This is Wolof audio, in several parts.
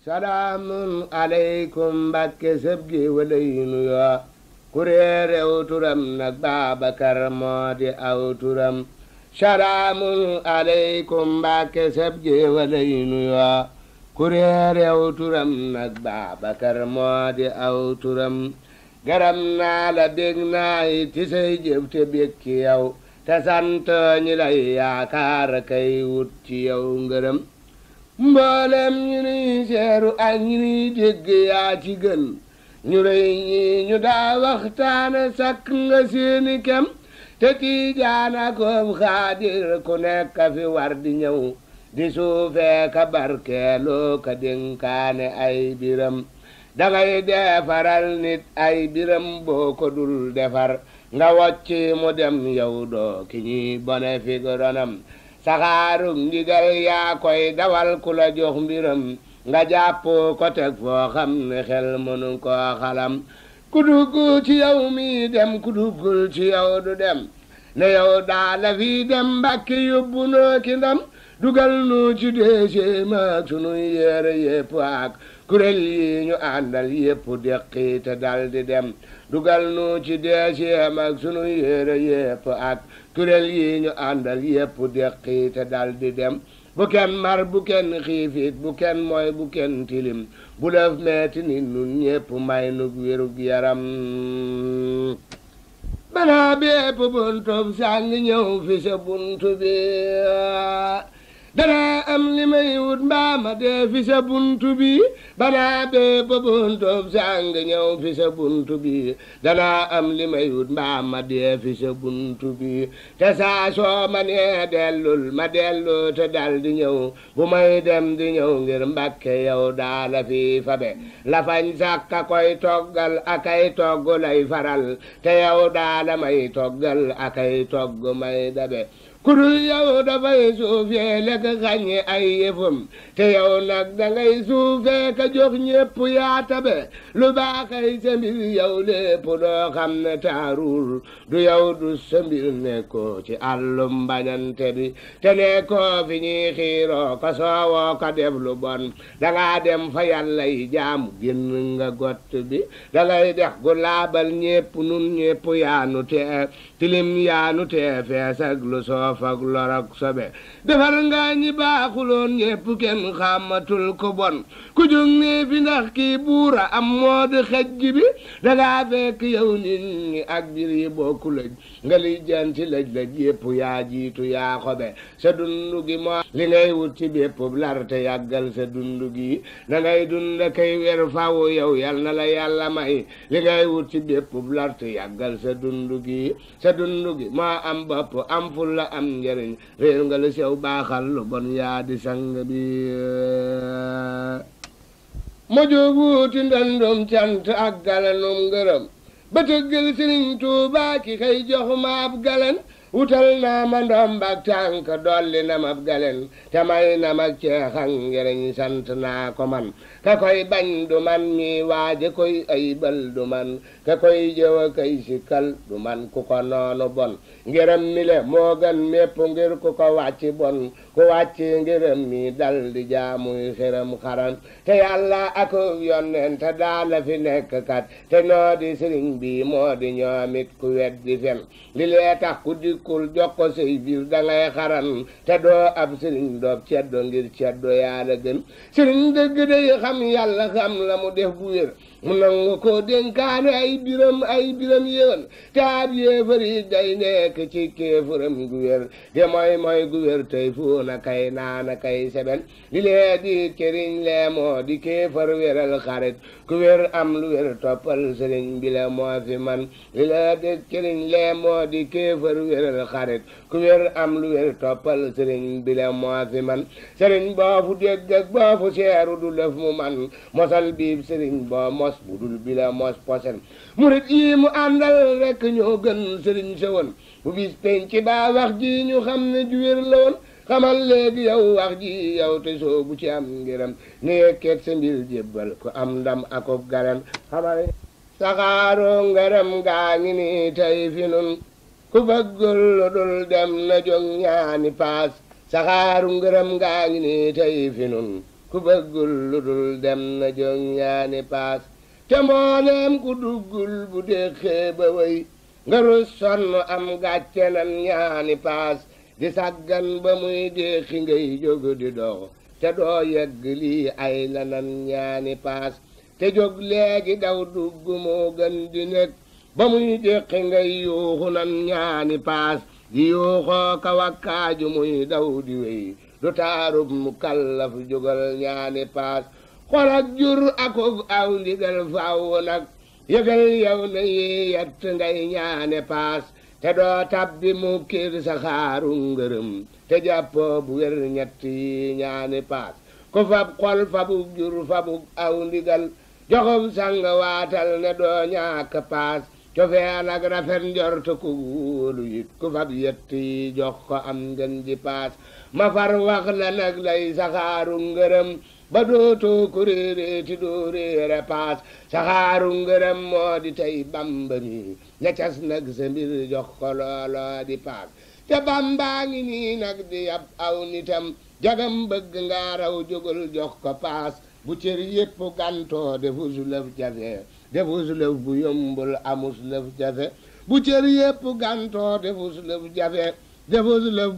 salaamun aleykum mbàkke sëb gi wala yi nuyoo kuréere aw turam nag baabakar moo di aw turam salaamun aleykum mbàkke sëb gi wala yi nuyoo kuréere aw turam nag baabakar moo di aw turam garam naa la bég naa yi ti say jëf te bég ci yow te sant ñi lay yaakaar kay wut ci yow ngërëm mboolem ñu nuy seeru ak ñu dégg yaa ci gën ñu rëy ñi ñu daa waxtaane sakk nga seeni kem te tiijaana koom xaadir ku nekk fi war di ñëw di suufee ka barkeeloo ka dénkaane ay biram dangay defaral nit ay biram boo ko dul defar nga wocci mu dem yow doo ki ñuy bone fi saxaaru ndigal yaa koy dawal ku la jox mbiram nga jàppoo ko teg foo xam ne xel mënu koo xalam ku duggul ci yow mi dem ku duggul ci yow du dem ne yow daala fii dem mbàkki yóbbu noo nu ci déesee maag sunuy yére yépp yi ñu àndal yépp deqi di dem dugal nu ci déesee maag sunuy yére ak kuréel yi ñu àndal yépp deqi te dal di dem bu kenn mar bu kenn xiifit mooy bu tilim bu lëf metti nit nun ñépp may nu wérug yaram balaa bépp buntub sàng ñëw fi sa buntu bi danaa am li may wut mbaa ma dee fi sa buntu bi banaa bee ba buntub sàng ñëw fi sa buntu bi danaa am li may wut mbaa ma dee fi sa buntu bi te saa soo ma nee dellul ma dellu te dal di ñëw bu may dem di ñëw ngir mbàkke yow daala fii fabe a sàkka koy toggal akay togg lay faral te yow daala may toggal akay togg may dabe ku dul yow dafay suufee lekk xaññe ay yëfam te yow nag dangay suufee ka jox ñépp yaa tabe lu baaxay sa mbir yow doo xam ne taarul du yow du sa mbir ci àllum mbañante bi te nekkoo fi ñuy ka soowoo ka def lu bon dangaa dem fa yàlla yi jaamu génn nga gott bi dangay dex gu laabal ñépp nun ñépp yaanu te tilim yaa nu tee fees ak lu soof ak lor ak sobe defar ngaa ñi baaxuloon ñépp kenn xàmmatul ko bon ku jóg nee fi ndax kii buura am moo di xejj bi dangaa fekk yow nit ñi ak bir yi bokku nga liy janti lëj lëj yépp yaa jiitu yaa xobe sa dundu gi moo li ngay wut ci bépp larte yàggal sa dundu gi da ngay dund wer faw yow yal na la yàlla may li ngay wut ci bépp larte yàggal sa dundu gi te dundu gi moo am bopp am ful am njëriñ réer nga sew baaxal lu bon yaa di sang bi mu jóg cant ak galanum ngërëm ba tëggal sëriñ Tuubaa ki xëy jox ma ab galan wutal naa ma ndomb ak tànk dolli na ma galen te may na ma ceexan ngiriñ sant naa ko man ka koy bañ du man mi waaje koy aybal du man te koy jëw a kay sikkal du man ku ko noonu bon ngërëm mi le moo gën mépp ngir ku ko wàcci bon ku wàcci ngërëm mi dal di jaamuy xërëm xaram te yàlla ak yonneen te daala fi nekk kat te noo di sëriñ bi moo di ñoomit ku wet fen li lee tax ku dikkul jox ko say dangay xaran te doo ab sëriñ doob ceddo ngir ceddo yaa la gën sëriñ dëgg day xam yàlla xam la mu def bu wér mu nangu ko dénkaane ay biram ay biram yéen te ab yéefar yi day nekk ci kéefaram gu wér te mooy mooy gu wér tey fuuna kay seben li lee di cëriñ lee moo di kéefar wéral xarit ku wér am lu wér toppal sëriñ bi la moo fi man li la de këriñ lee moo di kéefër wéral xarit ku wér am lu wér toppal sëriñ bi moo fi man sëriñ boo fu dégg ak boo fu seeru du lëf mu man mosal biib sëriñ boo mos bu dul bi mos posen murit yi mu àndal rekk ñoo gën sëriñ sa woon bu bis penc baa wax ji ñu xam ne ju wér la woon xamal léegi yow wax ji yow te soo ci am ngiram ne yekkeeg sa mbir jébbal am ndam akob garam xamal saxaaro ngaram gaa ngi ni tey fi nun ku bëggul lu dul dem na jóg ñaani paas saxaaru ngaram gaa ngi ni tey fi nun ku bëggul lu dem na jóg ñaani paas te mbooleem ku duggul bu déxee ba wéy nga rus sonn am gàcce nan ñaani paas di sàggan ba muy déexi ngay jóg di dox te doo yegg lii ay lanan ñaani paas te jóg léegi daw dugg moo gën di nekk ba muy déqi ngay yuuxu nan ñaani paas di yuuxoo kawakkaaju muy daw di wéy du taarub mu kallaf jógal ñaani paas xol ak jur akub aw ndigal faaw nag yëgal yow na yi yett ngay ñaani paas te doo tabbi mukkir sa xaaru ngërëm te jàppoo bu wér ñett ñaani paas ku fab xol fabug jur fabug aw ndigal joxub sang waatal ne doo ñàkk paas cofeel ak rafet njort ku wóolu ku fab yett jox ko am ngën ji paas ma far wax la nag lay saxaaru ngërëm ba dootoo ku réeree ti doo réere paas saxaaru ngërëm moo di tey bamba mi ña cas nag sa mbir jox ko looloo di paak te bambaa ngi nii nag di yab aw nitam jagam bëgg nga raw jógal jox ko paas bu cër yépp gantoo defu su lëf jafe defu su lëf bu yombul amus bu cër yépp gantoo defu su lëf jafe defu su lëf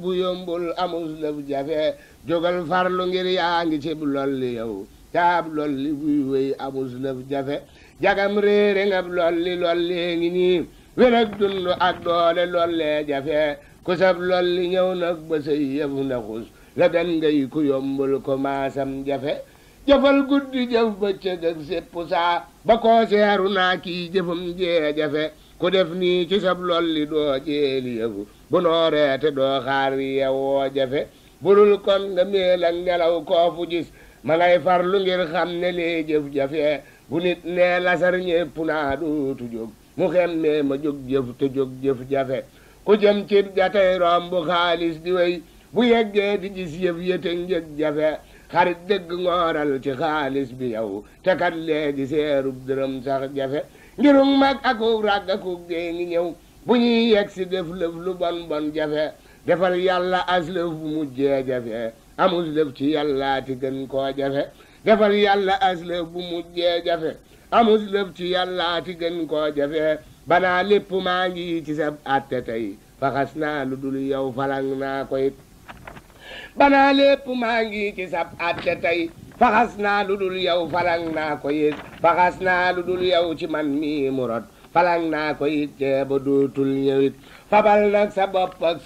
ngir yaa ngi cib lolli yow taab lolli buy wéy amus lëf jafe jagam réere ngab lolli lollee ngi nii wér ak ak doole lollee jafe ku sab lolli ñëw nag ba say yëfu ndaxus la dan ngay ku yombul ko maasam jafe jëfal guddi jëf bëccëg ak sépp saa ba koo seeru naa kii jëfam jee jafe ku def nii ci sab lolli doo jeeli yëfu bu nooree doo xaar yewoo jafe burul kon nga meel ak ngelaw koo ma ngay farlu ngir xam ne lee jëf jafe bu nit nee lasar ñépp naa dootu jóg mu xem nee ma jóg jëf te jóg jëf jafe ku jëm ci jatay romb xaalis di wéy bu yeggee di gis yëf yëte njëg jafe xarit dëgg ngooral ci xaalis bi yow te kat léegi seerub dërëm sax jafe ngirum mag akuk ràgg akuk dee ngi ñëw bu ñuy yegg si def lëf lu bon bon jafe defal yàlla as lëf bu mujjee jafe amus lëf ci yàllaa ti gën koo jafe defal yàlla aslëf bu mujjee jafe amus lëf ci yàllaa ti gën koo jafe banaa lépp maa ngi ci sa atte tey faxas naa lu dul yow falang naa ko it banaa lépp maa ngi ci sab naa ludul dul yow falang naa ko it naa lu dul yow ci man mii mu falang naa ko it te ba dootul ñëwit fabal nag sa bopp ak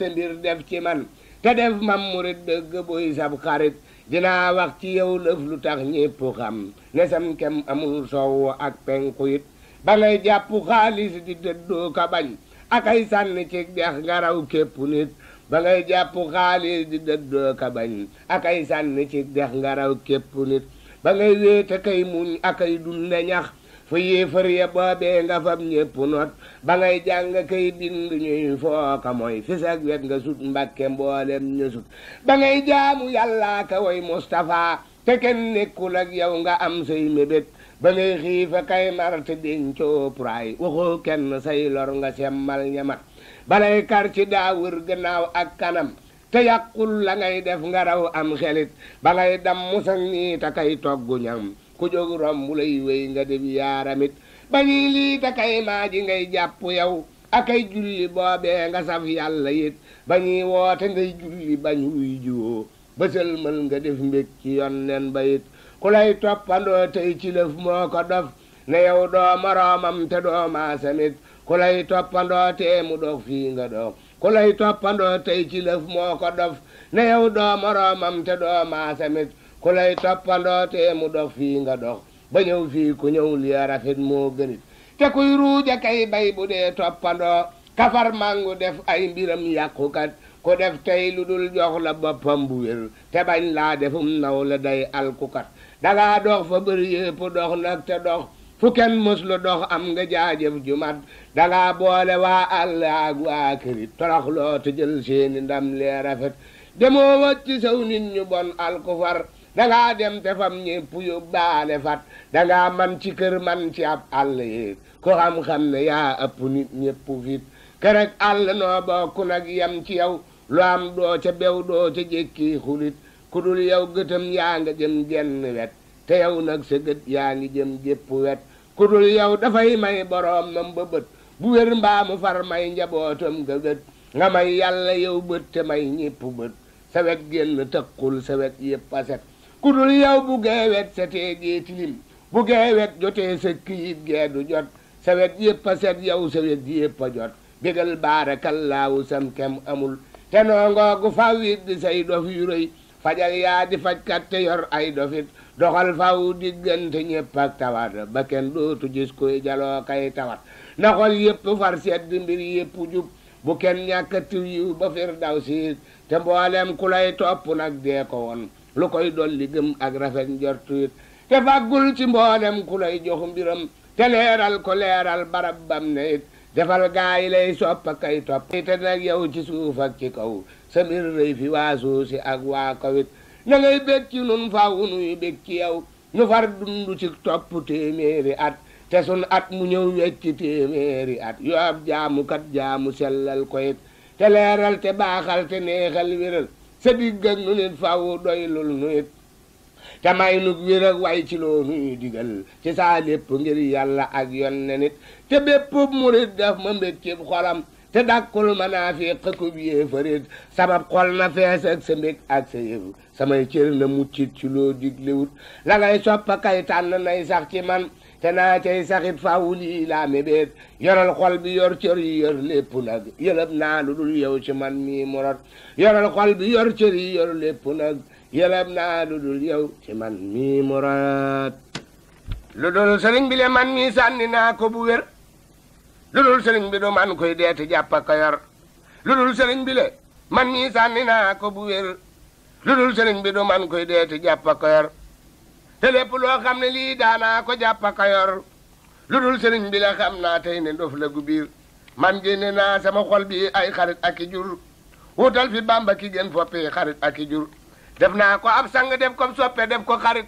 def ci man te def mam murit dëgg sab xarit dinaa wax ci yow lëf lu tax ñépp xam ne kem amul soow ak penku it ba ngay jàppu xaalis di dëddoo bañ ak ay sànni ci dex nga képp nit ba ngay jàppu xaalis di dëddoo ka bañ ak ay sànni ci dex nga képp nit ba ngay wéet muñ ak dunde ñax fu yéefar ya boobee nga fab ñépp not ba ngay jàng kay bind ñuy fooka mooy fis ak wet nga sut mbàkke mboolem ñu ba ngay jaamu yàllaa ka woy Mustapha te kenn nekkul ak yow nga am say mébét ba ngay a kay mar te dencoo praay kenn say lor nga semmal ñama balay kar ci daawur gannaaw ak kanam te yàqul la ngay def nga raw am xelit ba ngay dam musang nii te kay toggu ñam ku jóg romb lay wéy nga dem yaaramit bañuy lii takay maa ngay jàpp yow akay julli boobee nga saf yàlla it bañuy woote ngay julli bañ wuy jiwoo bësal mën nga def mbég ci yon ba it ku lay toppandoo tey ci lëf moo ko dof ne doo moroomam te doo maasamit ku lay toppandoo mu dox fii nga dox ku lay toppandoo ci lëf moo ko dof ne doo moroomam te doo maasamit ku lay toppandootee mu dox fii nga dox ba ñëw fii ku ñëw ya rafet moo gënit te kuy ruuja kay bay bu dee toppandoo kafar màngu def ay mbiram yàqukat ku def tey lu dul jox la boppam bu wér te bañ laa defum naw la day alkukat dangaa dox fa bëri yépp dox nag te dox fu kenn mës lu dox am nga jaajëf ju mat dangaa boole waa àll ak waa kërit torox loo te seeni ndam lee rafet demoo wacc saw nit ñu bon alkufar dangaa dem te fam ñépp yóbbaale fat dangaa man ci kër man ci ab àll yi ko xam-xam ne yaa ëpp ñépp fit kër àll noo bokk nag yem ci yow lu am doo ca bew doo ca jékki xulit ku dul yow gëtam yaa nga jëm genn wet te yow nag sa gët yaa ngi jëm jépp wet ku dul yow dafay may boroom mam ba bët bu wér mbaa mu far may njabootam nga gët nga may yàlla yow bët te may ñépp bët sa wet génn tëkkul sa wet yépp a set ku dul yow bu geewet setee gee tilim bu geewet jotee sa kiit gee du jot sa wet yëpp set yow sa wet yëpp a jot bégal baarakallaahu sam kem amul te noongoogu faw it di say dof yu rëy fajal yaa di fajkat te yor ay dofit doxal faw diggante ñépp ak tawat ba kenn dootu gis koy jaloo kay tawat na xol yëpp far sedd mbir yëpp jub bu kenn ñàkkati yiw ba fir daw siit te mboolem ku lay topp nag dee ko woon lu koy dolli gëm ak rafet njort it te fàggul ci mboolem ku lay joxu mbiram te leeral ko leeral barab bam ne it defal gaa lay sopp kay topp te nag yow ci suuf ak ci kaw sa mbir rëy fi waa suuf ak waa kawit na ngay nun faw nuy bég ci yow nu far dundu ci topp téeméeri at te sun at mu ñëw wecc téeméeri at yoo ab jaamu kat jaamu sellal ko te leeral te baaxal te neexal wéral sa diggal nu nit faaw doy lul nu it te may nu wér ak way ci loo nuy digal ci saa lépp ngir yàlla ak yon ne nit te bépp murit daf ma mbég ci xolam te dàkkul ma naa fi xëkub yee farit sabab xol na fees ak sa ak sa yëf samay cër na muccit ci loo diglewut la ngay soppa kay tànn nay sax ci man te naa cay saxit faaw lii laa mébét yoral xol yor cër yi yor lépp nag yëlëb lu dul yow ci man mi mu rot yoral xol bi yor cër yor lépp nag yëlëb naa lu dul yow ci man mii mu rot lu dul sëriñ bi le man mii sànni naa ko bu wér lu dul sëriñ bi du man koy deeti jàpp ko yor lu dul sëriñ bi le man mii sànni naa ko bu wér lu dul sëriñ bi du koy deeti jàpp ko yor te lépp loo xam ne lii daanaa ko jàppa kayor lu dul sëriñ bi la xam naa tey ne dof la gu biir man génne naa sama xol bi ay xarit ak i jur wutal fi bàmba ki gën foppi xarit ak i jur def naa ko ab sang def ko soppe def ko xarit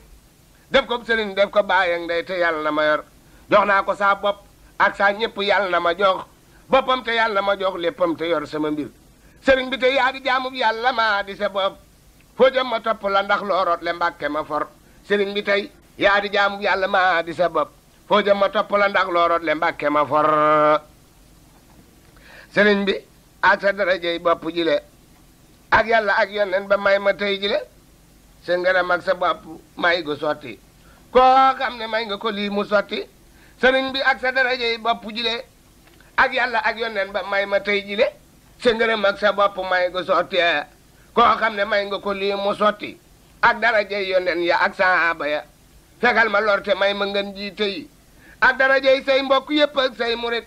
def ko sëriñ def ko bàyyeeg ndey te yàlla na ma yor jox naa ko saa bopp ak saa ñëpp yàlla na ma jox boppam te yàlla na ma jox léppam te yor sama mbir sëriñ bi te yaa di jaamub yàlla maa di sa bopp foo jëm ma topp la ndax loo root le mbàkke ma for sëriñ bi tey yaa di jaamu yàlla maa di sa bopp foo ma topp la ndax looroot le mbàkke ma for sëriñ bi ak sa darajey bopp ji ak yàlla ak yoneen ba may ma tey ji le sa ngërëm ak sa bopp may go sotti koo xam ne may nga ko lii mu sotti sëriñ bi ak sa darajey bopp ji ak yàlla ak yoneen ba may ma tey ji le sa ngërëm ak sa bopp may go sotti koo xam ne may nga ko lii mu sotti ak darajey yonen ya ak saaba ya fegal ma lorte may ma ngën ji tey ak darajey say mbokk yépp ak say murit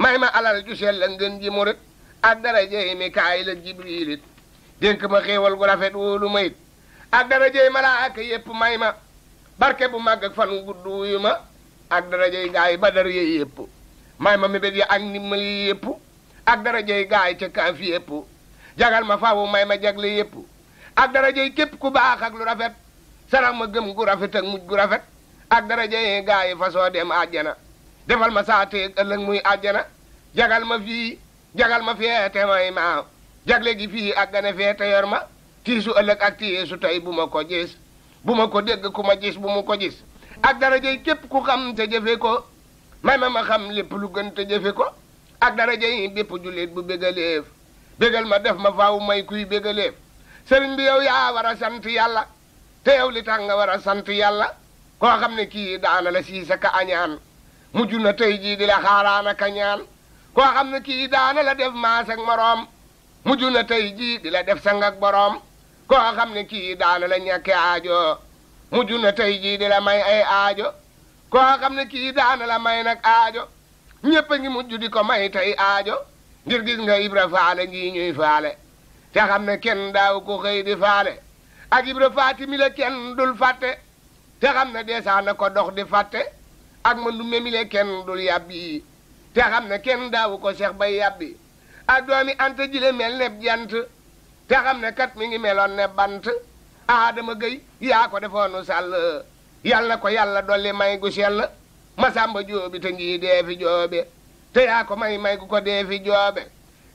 may ma alal ju sell la ngën ji murit ak darajey Mikaayil ak Jibriilit dénk ma xéewal gu rafet wóolu ma it ak darajey malaaka yépp may ma barke bu màgg ak fan gudd wuyu ma ak darajey gaay Badar yi yépp may ma mébét ya ak ndimmal yi yépp ak darajey gaay ca kaaf yépp jagal ma faawu may ma jagle yépp ak dara darajey képp ku baax ak lu rafet sarax ma gëm gu rafet ak muj gu rafet ak darajey gaa yi fasoo dem àjjana defal ma saateeg ëllëg muy àjjana jagal ma fii jagal ma feete may maaw jagle gi fii ak gane feete yor ma tiisu ëllëg ak tiisu tey bu ma ko gis bu ma ko dégg ku ma gis bu mu ko gis ak darajey képp ku xam te jëfe ko may ma ma xam lépp lu gën te jëfe ko ak darajey bépp jullit bu bégaleef bégal ma def ma faaw may kuy bégaleef sëriñ bi yow yaa war a sant yàlla te li tax nga war a sant yàlla koo xam ne kii daana la siisa ka añaan mujj na tey jii di la xaaraana ka ñaan koo xam ne kii daana la def maas ak moroom mujj na tey jii di la def sang ak boroom koo xam ne kii daana la ñàkke aajo mujj na tey jii di la may ay aajo koo xam ne kii daana la may nag aajo ñépp a ngi mujj di ko may tey aajo ngir gis nga Ibra faale ngi ñuy faale te xam ne kenn daawu ko xëy di faale ak Ibra Faati mi kenn dul fàtte te xam ne deesaa na ko dox di fàtte ak ma ndumbe mi kenn dul yàbbi te xam ne kenn daawu ko seex bay yàbbi ak doomi anta jile mel ne jant te xam ne kat mi ngi meloon ne bant aadama gëy yaa ko defoonu sàll yal na ko yàlla dolli may gu sell masamba joobi te ngii dee fi joobe te yaa ko may may gu ko dee fi joobe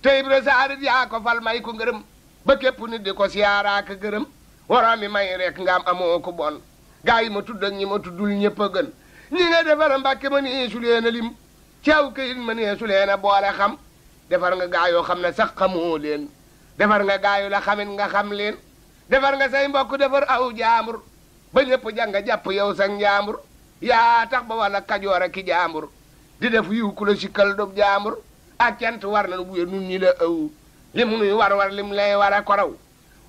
te Ibra Saarit yaa ko fal may ko ngërëm ba képp nit di ko siyaara ak gërëm mi may rek ngaam am amoo ko bon gaa yi ma tudd ak ñi ma tuddul ñëpp gën ñi nga defar mbàkke ma nii su leen a ma nii su leen a boole xam defar nga gaa yoo xam ne sax xamoo leen defar nga gaa yu la xamit nga xam leen defar nga say mbokk defar aw jaambur ba ñëpp jàng jàpp yow sax njaambur yaa tax ba wala kajoor ak ki jaambur di def yiw ku la sikkal dob jaambur ak cant war na bu wér nun ñi la ëw lim nuy war war lim lay war a koraw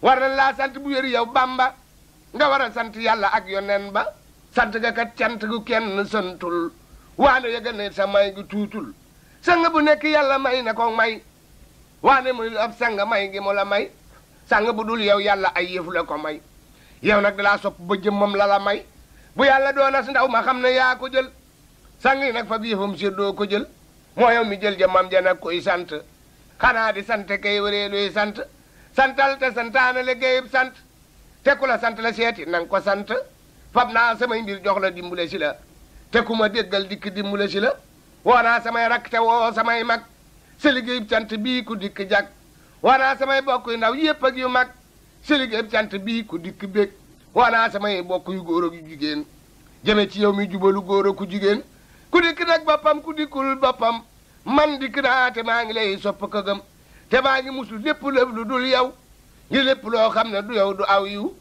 war na laa sant bu wér yow bamba nga war a sant yàlla ak yonen ba sant ga kat cant gu kenn santul waane yëgal ne sa may gu tuutul sang bu nekk yàlla may na ko may waane muy ab sang may gi mu la may sang bu dul yow yàlla ay yëfu la ko may yow nag dalaa sopp ba jëmmam la la may bu yàlla doon as ndaw ma xam ne yaa ko jël sang yi nag fa yëfam séddoo ko jël moo yow mi jël jëmmam ja nag kuy sant xanaa di sant kay wëree sant santal te santaana liggéeyub sant te ku la sant la seeti na ko sant fab naa samay mbir joxla la dimbale si la te ku ma déggal dikk dimbale si la woo naa samay rakk te woo samay mag si liggéeyub cant bii ku dikk jag woo naa samay bokk yu ndaw yépp ak yu mag si liggéeyub cant bii ku dikk bég woo naa samay bokk yu góor yu jigéen jëme ci yow mi jubalu góor ak ku jigéen ku dikk nag boppam man di kiraate maa ngi lay sopp ko gëm te maa ngi musul lépp lëf lu dul yow ci lépp loo xam ne du yow du aw yiw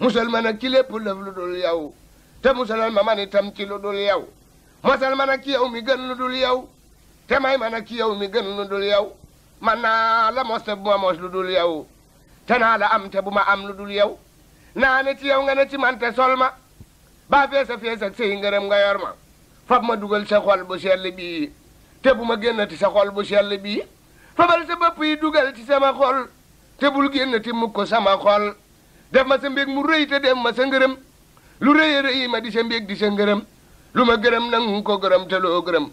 musal ma nag ci lépp lëf lu dul yow te musalal ma man itam ci lu dul yow mosal ma nag ci yow mi gën lu dul yow te may ma nag ci yow mi gën lu dul yow man naa la mos te bu ma mos lu dul yow te naa la am te bu ma am lu dul yow naa ne ci yow nga ne ci man te sol ma baa fees a fees ak sëy ngërëm nga yor ma fab ma dugal sa xol bu sell te bu ma génnati sa xol bu sell bii fabal sa bopp yi dugal sa sama xol te bul génnati mukk ko sama xol def ma sa mbég mu rëy te dem ma sa ngërëm lu rëy a rëy ma di sa mbég di sa ngërëm lu ma gërëm nang ko gërëm te loo gërëm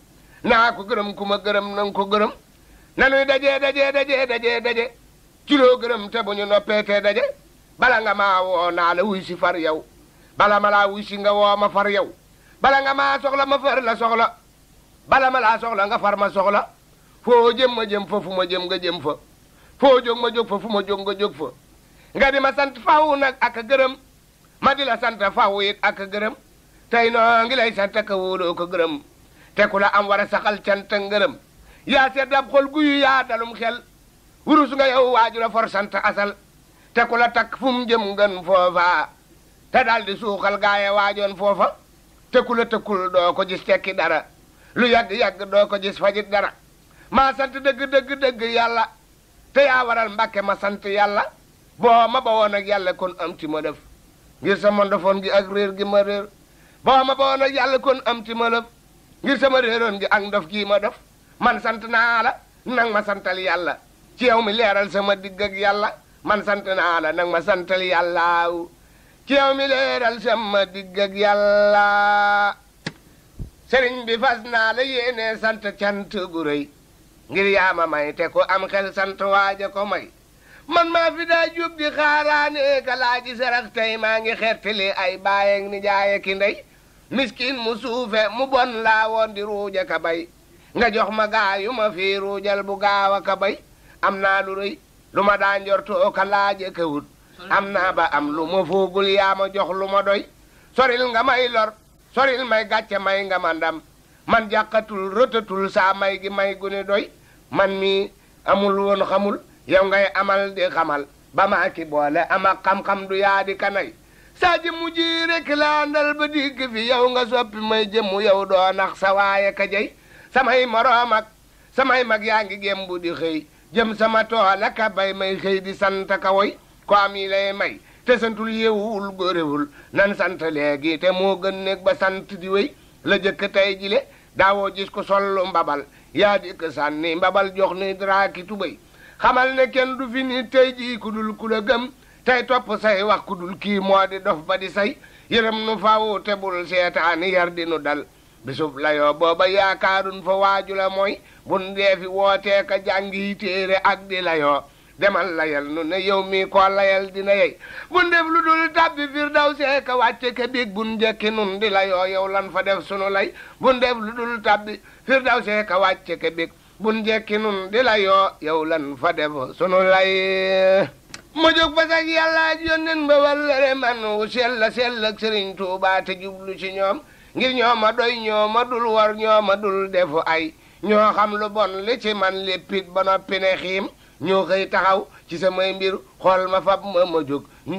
naa ko gërëm ku ma gërëm nang ko gërëm nanuy daje daje daje daje daje ci loo gërëm te bu ñu noppeetee daje bala nga maa woo naa la wuy si far yow bala ma laa wuy si nga woo ma far yow bala nga maa soxla ma far la soxla bala ma laa soxla nga far ma soxla foo jëm ma jëm fa fu ma jëm nga jëm fa foo jóg ma jóg fa fu ma jóg nga jóg fa nga di ma sant faw nag ak gërëm ma di la sant faw it ak gërëm tey noo ngi lay sant ka wóoloo ko gërëm te ku am war a saxal cant ngërëm yaa seet xol guyu yaa dalum xel wurus nga yow waaju for sant asal te takk fu mu jëm ngën foofa te daal di suuxal gaaye waajoon foofa te ku la tëkkul doo ko gis tekki dara lu yàgg-yàgg doo ko gis fajit dara maa sant dëgg dëgg dëgg yàlla te yaa waral mbàkke ma sant yàlla boo ma ba woon ak yàlla kon am ci ma def ngir sama ndofoon gi ak réer gi ma réer boo ma ba woon ak yàlla kon am ci ma def ngir sama réeroon gi ak ndof gii ma def man sant naa la nang ma santal yàlla ci mi leeral sama digg ak yàlla man sant naa la nang ma santal yàlla ci mi leeral sama digg ak yàlla sëriñ bi fas naa la yéene sant cant gu rëy ngir yaama may te ko am xel sant waaja ko may man maa fi daa jub di xaaraane ka sarax tey maa ngi xettali ay baayeeg ni jaaye ki ndey miskin mu suufe mu bon laa woon di nga jox ma gaayu ma fii ruujal bu gaawa ka bay am naa lu rëy lu ma daa njortoo ka laaje kewut am naa ba am lu ma foogul jox lu ma doy soril nga may lor soril may gàcce may nga ma ndam man jàqatul rotatul saa may gi may gu doy man mi amul woon xamul yow ngay amal di xamal ba maa ki boole ama xam-xam du yaa di kanay saa ji mujj rek ba dikk fi yow nga soppi may jëmmu yow doo nax sa waaye ka samay moroom ak samay mag yaa ngi gém bu di xëy jëm sama tool ak bay may xëy di sant ka woy am yi lay may te santul yeewul góorewul nan sant léegi te moo gën nekk ba sant di wéy la jëkk tey jile daawoo jis ko sollu mbabal yaa dikk sànni mbabal jox ni draaki tubéy xamal ne kenn du fi ni tey jii ku ku la gëm tey topp say wax ku kii moo di dof ba di say yërëm nu faawu te seetaani yar di dal bisub layoo booba yaakaarun fa waaju la mooy bun dee fi wootee ka jàngi téere ak di layoo demal layal nu ne yow mii koo layal dina yey bun def lu dul tàbbi firdaw see ka wàcce ke bun njekki nun di la yoo yow lan fa def sunu lay bun def lu dul tàbbi firdaw see ka wàcce ke bun njekki nun di la yoo yow lan fa def sunu lay ma jóg yàlla yónneen ba wallare man wu sell sell ak sëriñ Tuubaa te jublu ci ñoom ngir ñoo ma doy ñoo ma dul war ñoo ma dul defu ay ñoo xam lu bon li ci man léppit ba noppi ne xiim ñoo xëy taxaw ci samay mbir xool ma fab ma ma jóg ñu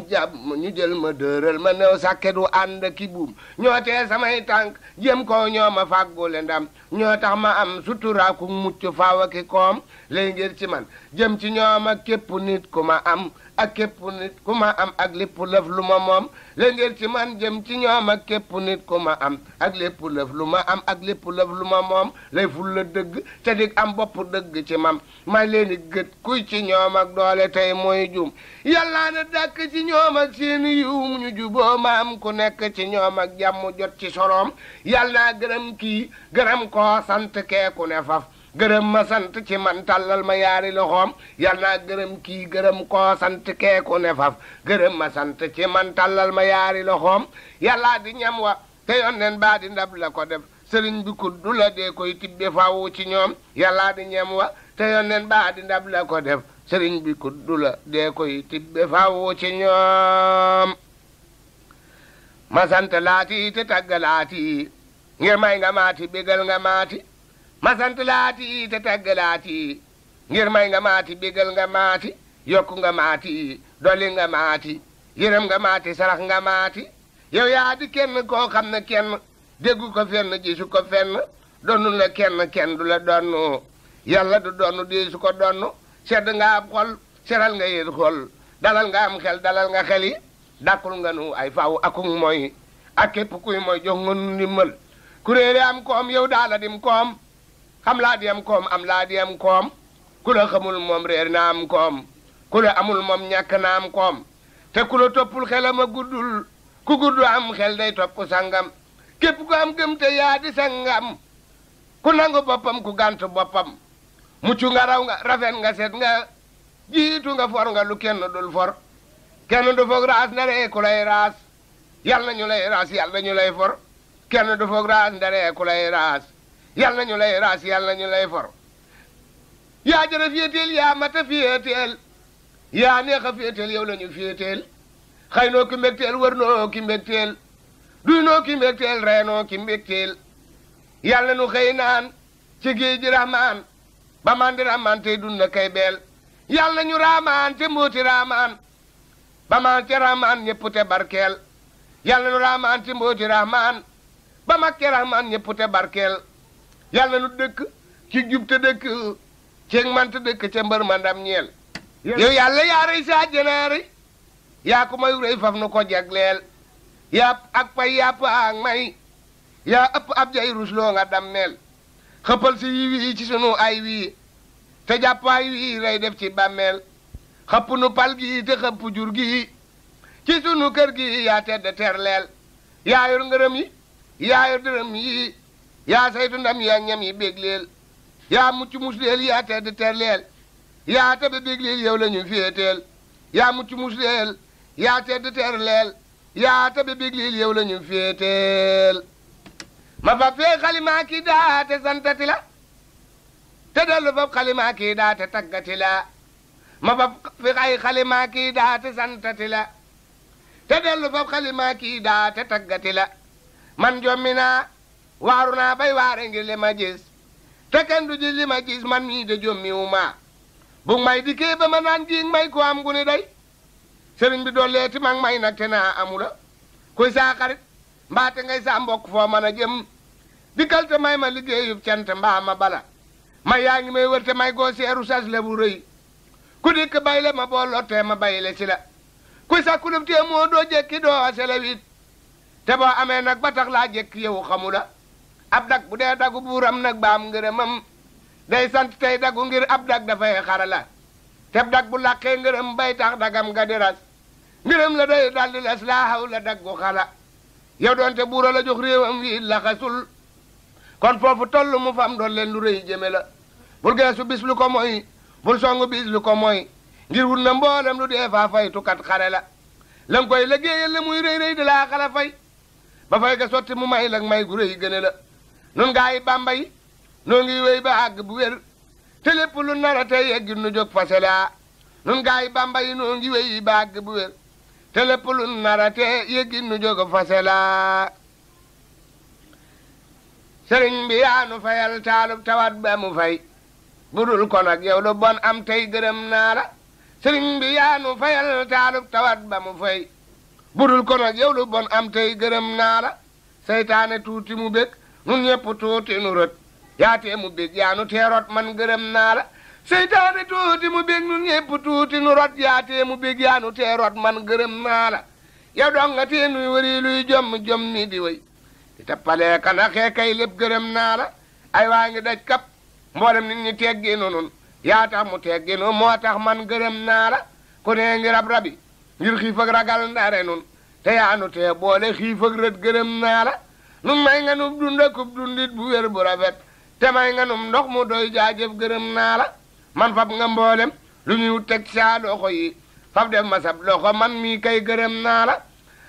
ñu jël ma dëral ma new sàkket wu ànd ki buum ñoo tee samay tànk jëm ko ñoo ma fàggule ndam ñoo tax ma am sutura mucc faaw ki koom lay ngir ci man jëm ci ñoom ak képp nit ku ma am ak képp nit ku ma am ak lépp lëf lu ma moom la ngeen ci man jëm ci ñoom ak képp nit ku ma am ak lépp lëf lu ma am ak lépp lëf lu ma moom lay ful la dëgg te dig am bopp dëgg ci mam may leeni gët kuy ci ñoom ak doole tey mooy juum yàllaa na dàkk ci ñoom ak seeni yiwum ñu juboo ku nekk ci ñoom ak jàmm jot ci soroom yàlla gërëm kii gërëm ko sant keeku ne faf gërëm ma sant ci man tàllal ma yaari loxoom yal gërëm kii gërëm koo sant keeku ne faf gërëm ma sant ci man tàllal ma yaari loxoom yàllaa di ñam wa te yonneen baa di ndab la ko def sëriñ bi ku la dee koy tibbe fawu ci ñoom yàllaa di ñam wa te yonneen baa di ndab la ko def sëriñ bi ku du la dee koy tibbe fawu ci ñoom ma sant laati te tagga laati ngir may nga maati bégal nga maati ma sant laati te tagg laati ngir may nga maati bégal nga maati yokk nga maati dolli nga maati yërëm nga maati sarax nga maati yow yaa di kenn koo xam ne kenn déggu ko fenn gisu ko fenn donnu la kenn kenn du la donnu yàlla du donnu di ko donnu sedd nga ab xol seral nga yéet xol dalal nga am xel dalal nga xel yi dàkkul nga nu ay faaw akuk mooy ak képp kuy mooy jox nga nu ndimbal kuréere am koom yow daala dim koom xam laa am koom am laa am koom ku la xamul moom réer na am koom ku la amul moom ñàkk na am koom te ku la toppul xelam a guddul ku guddu am xel day topp sangam képp ku am gëm te yaa di sangam ku nangu boppam ku gant boppam mucc nga raw nga rafet nga set nga jiitu nga for nga lu kenn dul for kenn du foog raas ndaree ku lay raas yàlla na ñu lay raas yàlla na ñu lay for kenn du foog raas ndaree ku lay raas yàlla nañu lay raas yàlla nañu lay for yaa jara féeteel yaa mata féeteel yaa neex a féeteel yow lañu féeteel xëy noo ki mbégteel wër noo ki mbégteel duy noo ki mbégteel ree noo ki mbégteel yàlla nu xëy naan ci géej ji rahmaan ba maan di rahmaan tey dun na kay beel yàlla ñu raamaan te mbóoti raamaan ba maan ca raamaan ñëpp te barkeel yàlla nu raamaan te mbóoti raamaan ba mag ca raamaan ñëpp te barkeel yàlla lu dëkk ci jub te dëkk ceeg mant dëkk ca mbër mandam ñeel yow yàlla yaa rëy sa àjjanaari yaa ko mayu rëy faf nu ko jagleel yaa ak pay yaa ak may yaa ëpp ab jay rusloo nga dammeel xëppal si yi wii ci sunu ay wii te jàppaay wii rey def ci bàmmeel xëpp nu pal gii te xëpp jur gii ci sunu kër gii yaa tedd terleel yaa yor ngërëm yi yaa dërëm yi yaa saytu ndam yaa ñam yi bégleel yaa mucc musleel yaa tedd terleel yaa tabe bégleel yow la ñu féeteel yaa mucc musleel yaa tedd terleel yaa tabe bégleel yow la ñu féeteel ma fab fee xalimaa kii daa te santati la te dellu fab xalimaa kii daa te la ma fab fi ay xalimaa daa te santati la te dellu fab xalimaa kii daa te la man jommi waaru naa bay waare ngir li ma te kenn du ji li ma gis man mii de jommiwu maa bu may dikkee ba ma naan jiig may ko am gu ne day sëriñ bi doon leeti mag may nag te naa amula kuy saa xarit mbaate ngay saa mbokk foo mën jëm dikkal te may ma liggéeyub cant mbaa ma bala may yaa ngi may wër te may goo sas la bu rëy ku dikk bay le ma boo lottee ma bay le si la kuy sa kulub tee moo doo jekki doo asele wit te boo amee nag ba tax laa jekki yow ab dag bu dee dagu buuram nag baam ngërëmam day sant tey dagu ngir ab dag dafay xarala teb dag bu làqee ngërëm bay tax dagam ga di la day daldi les laa xaw la daggu xala yow doonte buura la jox réewam wi la xasul kon foofu toll mu fam doon lu rëy jëme la bul geesu bis lu ko mooy bul songu bis lu ko mooy ngir wut na mboolem lu dee faa fay tukat xare la la nga koy liggéeyal la muy rëy rëy di xala fay ba fay ga mu may la may gu nun gaa yi bàmba yi noo ngi wéy ba àgg bu wér te lépp lu nar a tey yegg nu jóg fase laa nun gaa yi bàmba yi noo ngi ba àgg bu wér te lépp lu nar a tey nu jóg fase laa sëriñ bi yaa nu fayal taalub tawat ba mu fay budul ko nag yow lu bon am tey gërëm naa la bi yaa nu fayal taalub tawat ba mu fay budul ko nag yow lu bon am tey gërëm naa seytaane tuuti mu bëgg nun ñépp tuuti nu rët yaatee mu bég yaanu teerot man gërëm naa la seytaane tuuti mu bég nun ñépp tuuti nu rot yaatee mu bég yaanu teerot man gërëm naa la yow dong nga nuy wëri luy jomm jomm di wéy di tappalee kana xee lépp gërëm naa ay waa ngi daj kap mboolem nit ñi tegginu nun yaa tax mu tegginu moo tax man gërëm naa la ku nee ngi rab rabi ngir xiif ragal ndare nun te yaanu tee boole xiif rët gërëm naa nu may nga num dund dundit bu wér bu rafet te may nga ndox mu doy jaajëf gërëm naa la man fab nga mboolem lu ñuy teg saa loxo yi fab def ma sab loxo man mii kay gërëm naa la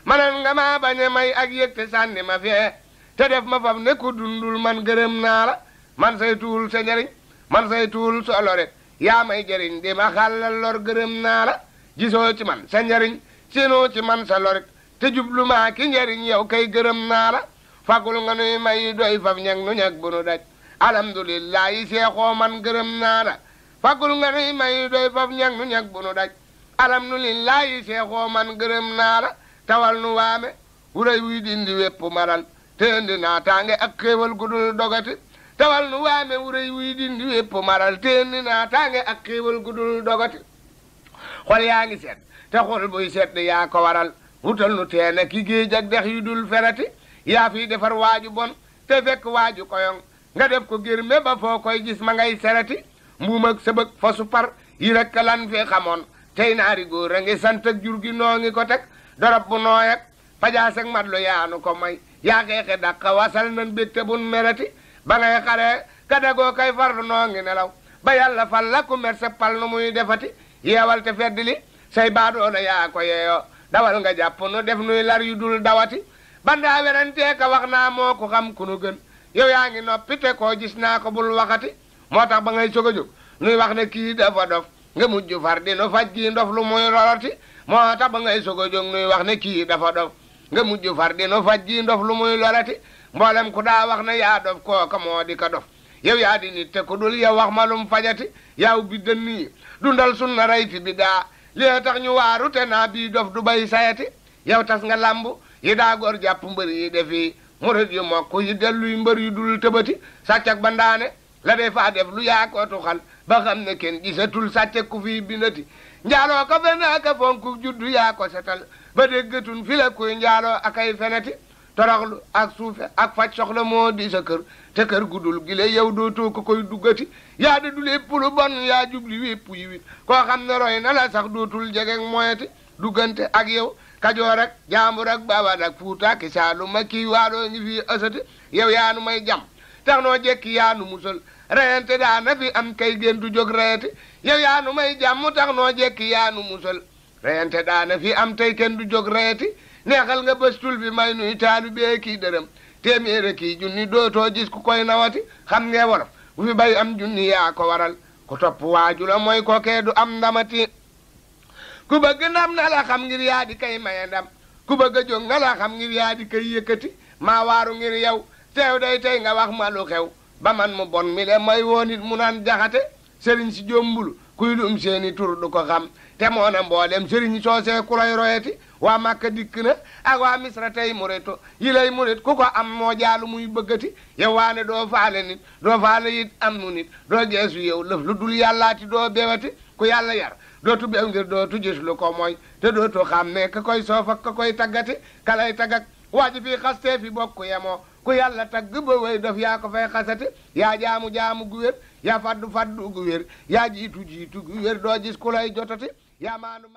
manan nga maa bañ may ak yëg te sànni ma fee te def ma fab ne dundul man gërëm naa la man say tuul sa njariñ man say tuul sa lore yaa may jariñ di ma xàllal lor gërëm naa la gisoo ci man sa njariñ séenoo ci man sa lor te jublu maa ki njariñ yow kay gërëm naa fagul nga nuy may doy faf ñag nu ñag bu nu daj alhamdulillahi seexoo man gërëm naa fagul nga nuy may doy faf ñag nu ñag bu nu daj alhamdulillahi seexoo man gërëm naa tawal nu waame wuray wuy dindi wépp maral te indi naataange ak xéewal gudul dogati tawal nu waame wuray wuy dindi wépp maral te indi naataange ak xéewal gudul dogati xol yaa ngi set te xol buy set yaa ko waral wutal nu teena ki géej ak dex yu dul ferati yaa fi defar waaju bon te fekk waaju koyoŋ nga def ko girme ba foo koy gis ma ngay serati mbuum ak sëbëg fasu par yi rekk lan fi xamoon tey naari góor a ngi sant jur gi noo ngi ko teg dorab bu nooy ak pajaas ak yaanu ko may yaa xeexe dàq wasal nan bétte bun merati ba ngay xaree kadagoo kay farlu noo ngi nelaw ba yàlla fal la ku pal nu muy defati yeewal te fedd li say baadoona yaa ko yeeyoo dawal nga jàpp nu def nuy lar yu dul dawati bandaa werantee ka wax naa moo ko xam ku nu gën yow yaa ngi noppi te koo gis naa ko bul waxati moo tax ba ngay soog a jóg nuy wax ne kii dafa dof nga mujj far di nu faj gii lu muy loroti moo tax ba ngay soog a jóg nuy wax ne kii dafa dof nga mujj far di nu faj gii ndof lu muy lorati mboolem ku daa wax ne yaa dof kooka moo di ka dof yow yaa di nit te ku dul yow wax ma lum fajati yaw bi dënn yi dundal sunna rey fi daa li tax ñu waaru te naa bii dof du bay sayati yow tas nga làmbu yi daa gor jàpp mbër yi defi murit yu mokk yi delluy mbër yu dul tëbati sàcc ak bandaane la dee faa def lu yaakootu xal ba xam ne kenn gisatul sàcc ku fii bindati njaaloo ko fenn aka fonku juddu yaa ko setal ba déggatun fi la kuy njaaloo akay feneti toroxlu ak suufe ak faj soxla moo di sa kër te kër gudul gile yow dootoo ko koy duggati yaa da du lépp bon yaa jubli wépp yi wit koo xam ne roy na la sax dootul jege moyeti duggante ak yow kajoor ak jaambur ak bawal ak fuuta ki saalum ak kii waaloo ñu fi ësati yow yaa nu may jam tax noo jekki yaa nu musal reyante daana fi am fi am tey kenn du jóg reyati neexal nga bëstul bi may nuy taalu bee kii dërëm téeméere kii junni dootoo gis ku koy nawati xam ngee wolof bu fi bay am junni yaa ko waral ku topp waajula mooy kokee du am ndamati ku bëgg nam na la xam ngir yaa di kay maye ndam ku bëgg a jóg nga la xam ngir yaa di kay yëkkati maa waaru ngir yow teew day tey nga wax ma lu xew ba man mu bon mi le mooy woon mu naan jaxate sëriñ si jombul kuy lum seeni tur du ko xam te moo na mboolem sëriñ soosee ku lay royeti waa Màkka dikk na ak waa Misra tey mureto yi lay murit ku ko am moo jaalu muy bëggati yow waane doo faale nit doo faale it am nu nit doo geesu yow lëf lu dul yàllaati doo yàlla yar dootu bew ngir dootu gis lu ko mooy te dootu xam ne ka koy soof ak ka koy taggati ka lay taggak waa ji fii xastee fi bokk yemoo ku yàlla tagg ba way dof yaa ko fay xasati yaa jaamu jaamu gu yaa faddu faddu gu yaa jiitu jiitu gu doo gis ku lay jotati yaa maanu